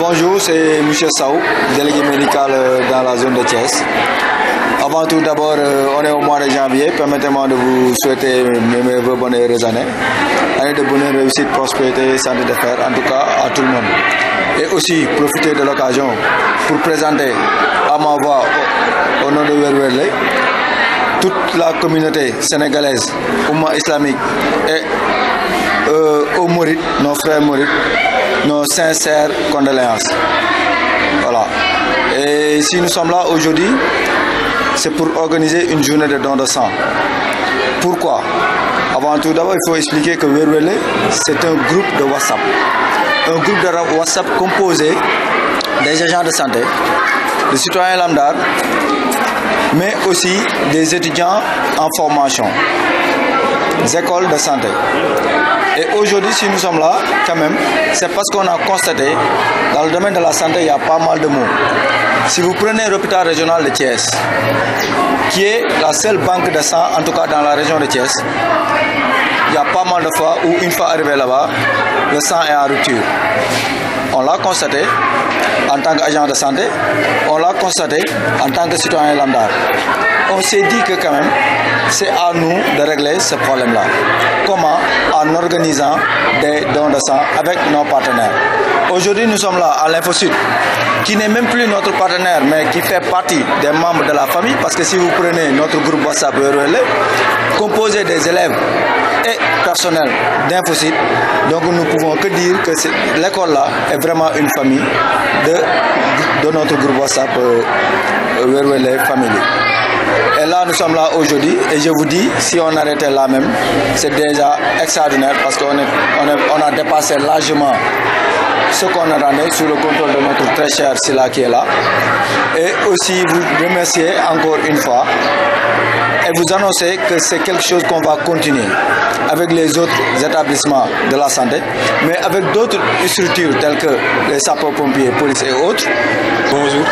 Bonjour, c'est M. Saou, délégué médical euh, dans la zone de Thiès. Avant tout, d'abord, euh, on est au mois de janvier. Permettez-moi de vous souhaiter mes meilleurs bonnes années. Année de bonheur, réussite, prospérité, santé de fer, en tout cas à tout le monde. Et aussi, profiter de l'occasion pour présenter à ma voix, au nom de Werwerley, toute la communauté sénégalaise, au islamique et euh, aux nos frères maurits, nos sincères condoléances. Voilà. Et si nous sommes là aujourd'hui, c'est pour organiser une journée de don de sang. Pourquoi Avant tout, d'abord, il faut expliquer que Verwele c'est un groupe de WhatsApp. Un groupe de WhatsApp composé des agents de santé, des citoyens lambda, mais aussi des étudiants en formation écoles de santé. Et aujourd'hui, si nous sommes là, quand même, c'est parce qu'on a constaté, dans le domaine de la santé, il y a pas mal de mots. Si vous prenez l'hôpital régional de Thiès, qui est la seule banque de sang, en tout cas dans la région de Thiès, il y a pas mal de fois où, une fois arrivé là-bas, le sang est en rupture. On l'a constaté en tant qu'agent de santé, on l'a constaté en tant que citoyen lambda on s'est dit que quand même, c'est à nous de régler ce problème-là. Comment En organisant des dons de sang avec nos partenaires. Aujourd'hui, nous sommes là à l'InfoSud, qui n'est même plus notre partenaire, mais qui fait partie des membres de la famille, parce que si vous prenez notre groupe WhatsApp composé des élèves et personnels d'InfoSite, donc nous ne pouvons que dire que l'école-là est vraiment une famille de, notre groupe WhatsApp euh, euh Family nous sommes là aujourd'hui et je vous dis, si on arrêtait là même, c'est déjà extraordinaire parce qu'on a dépassé largement ce qu'on a ramené sous le contrôle de notre très cher Silla qui est là. Et aussi vous remercier encore une fois et vous annoncer que c'est quelque chose qu'on va continuer avec les autres établissements de la santé, mais avec d'autres structures telles que les sapeurs-pompiers, police et autres. Bonjour.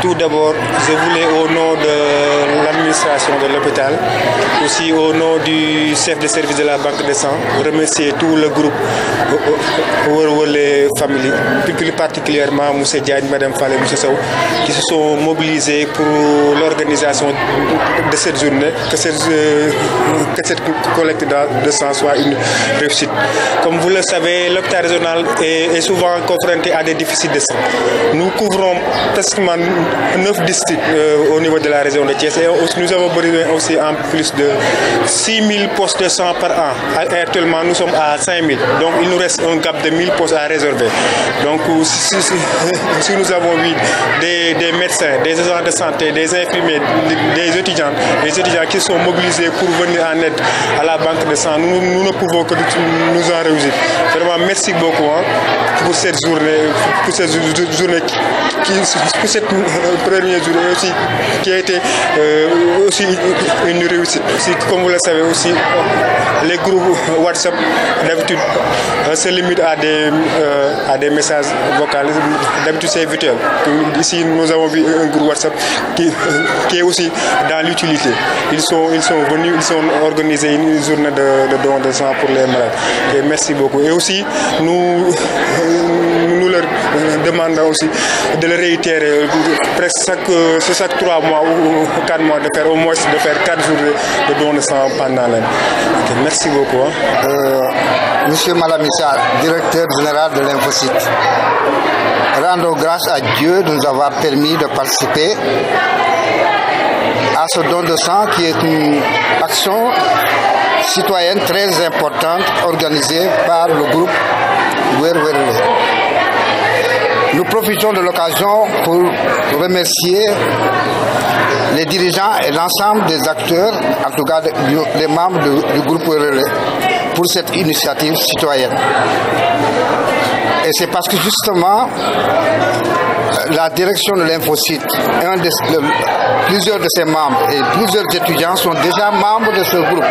Tout d'abord, je voulais au nom de l'administration de l'hôpital, aussi au nom du chef de service de la Banque des sang, remercier tout le groupe les familles, plus particulièrement M. Diagne, Mme Fale, M. Sow, qui se sont mobilisés pour l'organisation de cette journée, que euh, que cette collecte de sang soit une réussite. Comme vous le savez, l'hôpital régional est, souvent confronté à des déficits de sang. Nous couvrons pratiquement 9 districts euh, au niveau de la région de Thiès et nous avons besoin aussi en plus de 6000 postes de sang par an. Actuellement, nous sommes à 5000. Donc, il nous reste un gap de 1000 postes à réserver. Donc, euh, si, nous avons des, médecins, des agents de santé, des infirmiers, des, étudiants, des étudiants qui sont mobilisés pour venir en aide à la la Banque de sang, nous, ne pouvons que nous en réussir. Vraiment, merci beaucoup hein, pour cette journée, pour cette journée, qui, pour cette euh, première journée aussi, qui a été euh, aussi une réussite. comme vous le savez aussi, les groupes WhatsApp, d'habitude, euh, se limitent à des, à des messages vocaux. D'habitude, c'est virtuel. Ici, nous avons vu un groupe WhatsApp qui, est aussi dans l'utilité. Ils sont, ils sont venus, ils sont organisés, journée de, de don de sang pour les malades. Et merci beaucoup. Et aussi, nous, euh, nous leur demandons aussi de le réitérer presque chaque, euh, chaque mois ou 4 mois, de faire au moins de faire 4 jours de, don de sang pendant l'année. merci beaucoup. Hein. Euh, monsieur Malamissa, directeur général de l'Infocyte, rendons grâce à Dieu de nous avoir permis de participer à ce don de sang qui est une action citoyenne très importante organisée par le groupe Werwerle. Nous profitons de l'occasion pour remercier les dirigeants et l'ensemble des acteurs, en tout cas les membres du, groupe Werwerle, pour cette initiative citoyenne. Et c'est parce que justement, la direction de l'infocyte, plusieurs de ses membres et plusieurs étudiants sont déjà membres de ce groupe.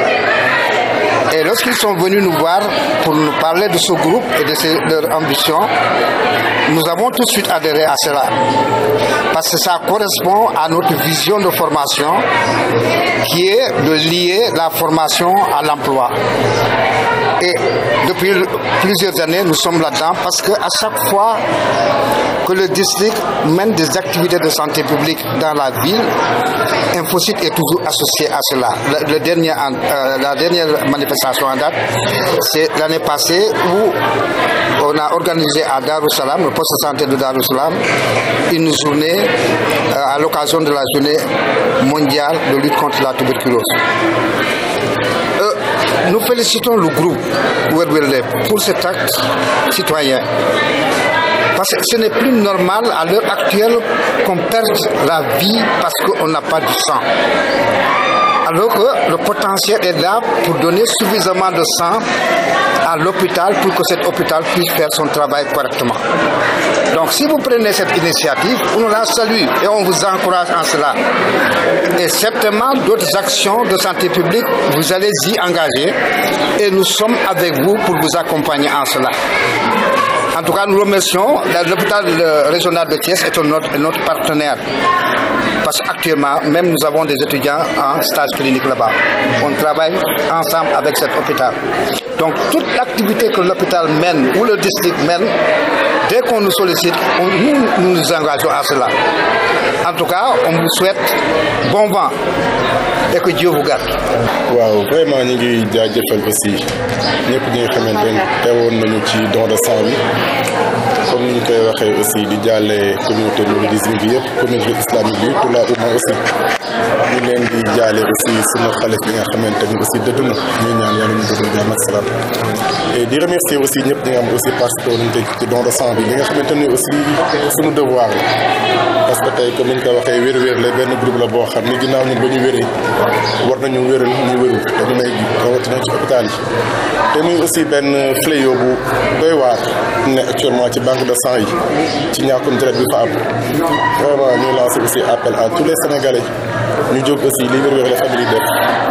Et lorsqu'ils sont venus nous voir pour nous parler de ce groupe et de, ses, ambitions, nous avons tout de suite adhéré à cela. Parce que ça correspond à notre vision de formation qui est de lier la formation à l'emploi. Et depuis plusieurs années, nous sommes là-dedans parce qu'à chaque fois que le district mène des activités de santé publique dans la ville, InfoSite est toujours associé à cela. Euh, la dernière manifestation en date, c'est l'année passée où on a organisé à Darussalam, le poste de santé de Darussalam, une journée euh, à l'occasion de la journée mondiale de lutte contre la tuberculose. Nous félicitons le groupe Web pour cet acte citoyen. Parce que ce n'est plus normal à l'heure actuelle qu'on perde la vie parce qu'on n'a pas de sang. Alors que le potentiel est là pour donner suffisamment de sang à l'hôpital pour que cet hôpital puisse faire son travail correctement. Donc si vous prenez cette initiative, on la salue et on vous encourage en cela. Et certainement d'autres actions de santé publique, vous allez y engager et nous sommes avec vous pour vous accompagner en cela. En tout cas, nous remercions. L'hôpital régional de Thiès est notre, notre partenaire. Parce qu'actuellement, même nous avons des étudiants en stage clinique là-bas. On travaille ensemble avec cet hôpital. Donc toute l'activité que l'hôpital mène ou le district mène, dès qu'on nous sollicite, nous, nous engageons à cela. En tout cas, on vous souhaite bon vent et que Dieu vous garde. Waouh, vraiment aussi aussi aussi. ñu leen di jaalee aussi sunu xalif bi nga xamante ni aussi dëdd na ñuy ñaan yàlla ñu dëdd jàmm ak salaam et ñëpp ñi nga xam aussi participé nañ ci don de sang nga xamante ni aussi sunu devoir la parce que tey comme ni ñu ko waxee wér-wér la benn groupe la boo xam ni ginnaaw ñun ba ñu wéree war nañu wéral ñu wérul dañu may rawatina ci hôpital yi te muy aussi benn fléau bu doy waar ne actuellement ci banque de sang yi ci ñàkkum deret bi fa am vraiment ñuy lancer aussi appel à tous les ñu jóg aussi li wér-wér la famille def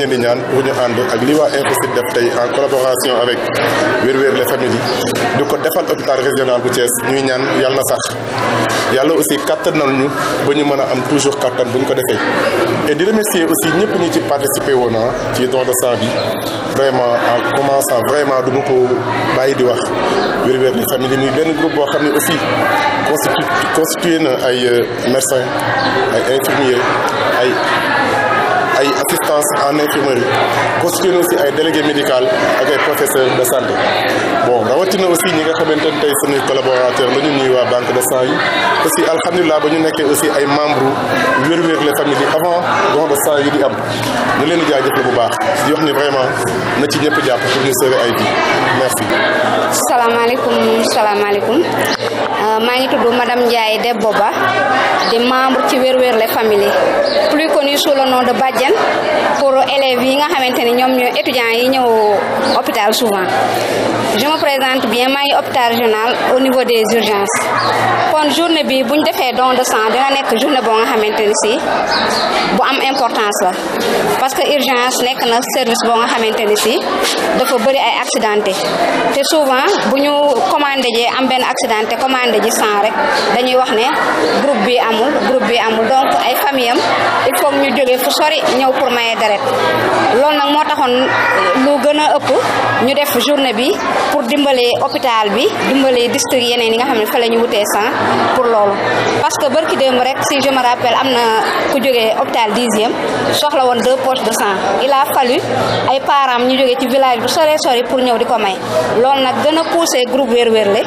leen di ñaan pour ñu and ak li waa INPOSID def tay en collaboration avec Wër Wër les familles du ko defal hôpital régional bu Thiès ñuy ñaan yalla sax yalla aussi katanal ñu ba ñu mëna am toujours katan buñ ko défé et di remercier aussi ñëpp ñi ci participer wona ah, ci don de sang bi vraiment en commençant vraiment du ma ko bàyyi di wax Wër Wër les familles muy benn groupe bo xamni aussi constitué constitué na ay euh, médecins ay infirmiers ay. ay assistance en infirmerie constitué aussi ay délégué médical ak ay professeur de santé bon rawatina aussi ñi nga xamantene tay tey collaborateur la ñu ñuy waa banque de sang yi aussi alhamdulilah ba ñu nekkee aussi ay membre wër wër les familles avant don de sang yi di am ñu leen jaajëf jaajëfal bu baax di wax ni vraiment na ci ñëpp japp pour ñu sauver ay vie merci alaykum salaamaaleykum salaamaaleykum euh, ma ngi tuddu madame Ndiaye boba di membre ci wér les famille plus connu sous le nom de Badjan pour élèves yi nga xamanteni ñom ñoom étudiants yi ñëw hôpital souvent je me présente bien ma hôpital régional au niveau des urgences kon journée bi bu défé don de sang dina nek journée bo nga xamanteni si bu am importance parce que urgence nek na service bo nga xamanteni si dafa bëri ay accidenté te souvent vous commandez, commandé accident, am ben accidenté commandé ji sang rek dañuy wax né groupe bi amul groupe bi am donc ay famiyam il faut ñu joggé fu sori ñew pour maye deret lool nak mo taxone lo gëna ëpp ñu def journée bi pour dimbalé hôpital bi dimbalé district yeneen yi nga xamné fa la ñu wutee sang pour lool parce que barki dem rek si je me rappelle amna ku joggé hôpital 10e soxla won deux poches de sang il a fallu ay parents ñu joggé ci village bu sori sori pour ñew diko may lool nak gëna pousser groupe wér-wér le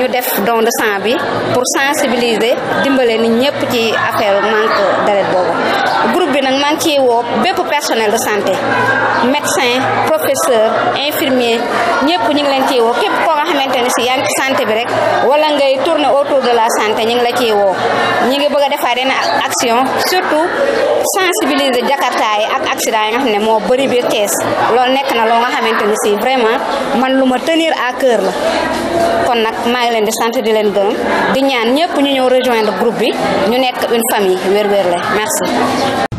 ñu def don de sang bi pour sensibiliser dimbalé nit ñëpp ci affaire manque dara Kewo ciy woo bépp personnel de santé médecin professeur infirmier ñëpp ñu ngi leen ciy woo képp koo nga xamante ne si yaa ngi ci santé bi rek wala ngay tourner autour de la santé ñu la ciy bëgg action surtout sensibiliser jakarta yi ak accident yi nga xam ne moo bëri biir lo nek nekk na loo nga xamante ne vraiment man lu ma tenir à cœur la kon nag maa ngi leen di sant di leen gërëm di ñaan ñëpp ñu ñëw rejoindre groupe bi ñu une famille la merci